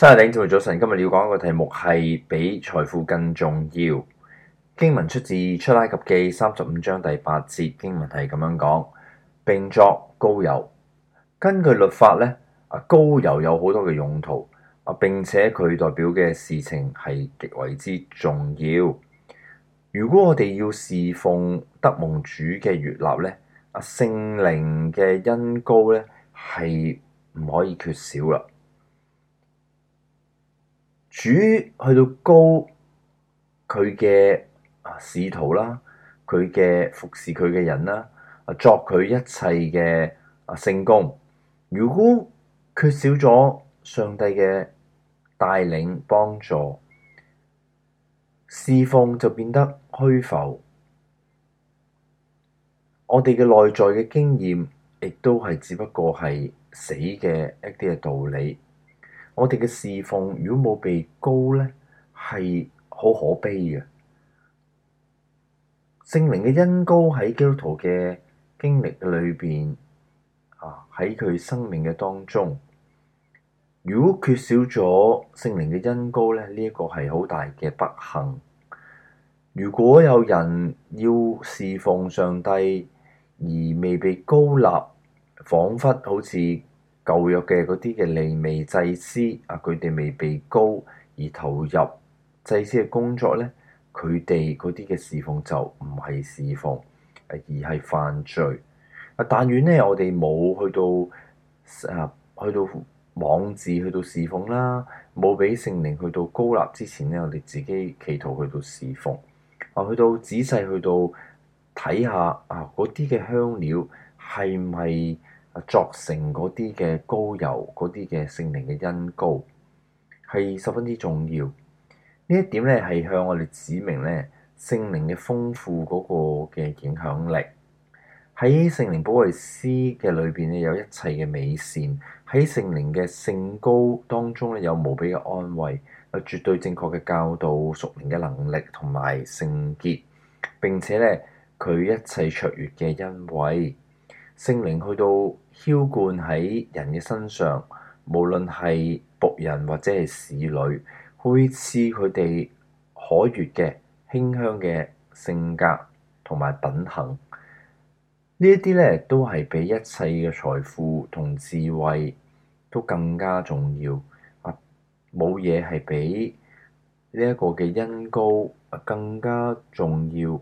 真係，領袖早晨。今日要講嘅題目係比財富更重要。經文出自出埃及記三十五章第八節，經文係咁樣講，並作膏油。根據律法咧，啊膏油有好多嘅用途啊，並且佢代表嘅事情係極為之重要。如果我哋要侍奉得蒙主嘅悅納咧，啊聖靈嘅恩膏咧係唔可以缺少啦。主去到高，佢嘅啊使徒啦，佢嘅服侍佢嘅人啦，作佢一切嘅啊聖工。如果缺少咗上帝嘅帶領幫助，侍奉，就變得虛浮。我哋嘅內在嘅經驗，亦都係只不過係死嘅一啲嘅道理。我哋嘅侍奉如果冇被膏呢，係好可悲嘅。聖靈嘅恩膏喺基督徒嘅經歷裏邊，喺佢生命嘅當中，如果缺少咗聖靈嘅恩膏呢，呢一個係好大嘅不幸。如果有人要侍奉上帝而未被膏立，彷彿好似，舊約嘅嗰啲嘅利未祭司啊，佢哋未被膏而投入祭司嘅工作咧，佢哋嗰啲嘅侍奉就唔係侍奉，而係犯罪。但願呢，我哋冇去到去到妄自，去到侍奉啦，冇俾聖靈去到膏立之前呢，我哋自己企圖去到侍奉啊，去到仔細去到睇下啊嗰啲嘅香料係唔係？作成嗰啲嘅膏油嗰啲嘅聖靈嘅恩膏係十分之重要。呢一點咧係向我哋指明咧聖靈嘅豐富嗰個嘅影響力，喺聖靈保惠師嘅裏邊咧有一切嘅美善，喺聖靈嘅聖膏當中咧有無比嘅安慰，有絕對正確嘅教導、屬靈嘅能力同埋聖潔，並且咧佢一切卓越嘅恩惠。聖靈去到澆灌喺人嘅身上，無論係僕人或者係侍女，去賜佢哋可悅嘅馨香嘅性格同埋品行，呢一啲咧都係比一切嘅財富同智慧都更加重要。啊，冇嘢係比呢一個嘅恩膏更加重要。誒、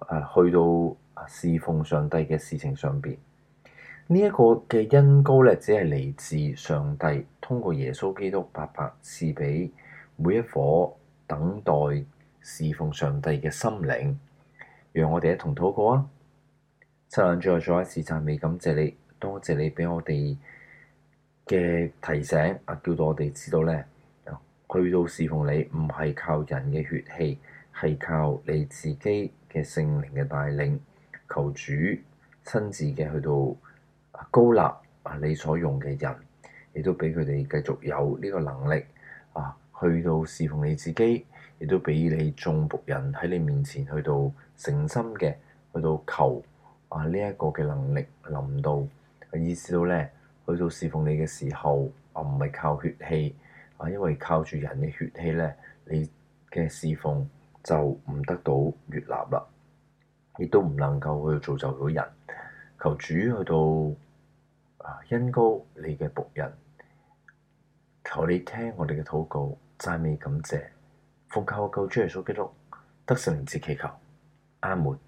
啊，去到，侍奉上帝嘅事情上邊，呢、這、一個嘅恩膏，咧，只係嚟自上帝，通過耶穌基督白白賜俾每一顆等待侍奉上帝嘅心靈。讓我哋一同禱告啊！七眼，最後再一次讚美，感謝你，多謝你俾我哋嘅提醒啊，叫到我哋知道咧，去到侍奉你唔係靠人嘅血氣，係靠你自己嘅聖靈嘅帶領。求主親自嘅去到膏立啊，你所用嘅人，亦都俾佢哋繼續有呢個能力啊，去到侍奉你自己，亦都俾你眾僕人喺你面前去到誠心嘅去到求啊，呢一個嘅能力臨到，意思到咧去到侍奉你嘅時候啊，唔係靠血氣啊，因為靠住人嘅血氣咧，你嘅侍奉就唔得到悅納啦。亦都唔能夠去造就到人，求主去到啊，恩膏你嘅僕人，求你聽我哋嘅禱告，讚美感謝，奉靠救主耶穌基督，得聖靈之祈求，阿門。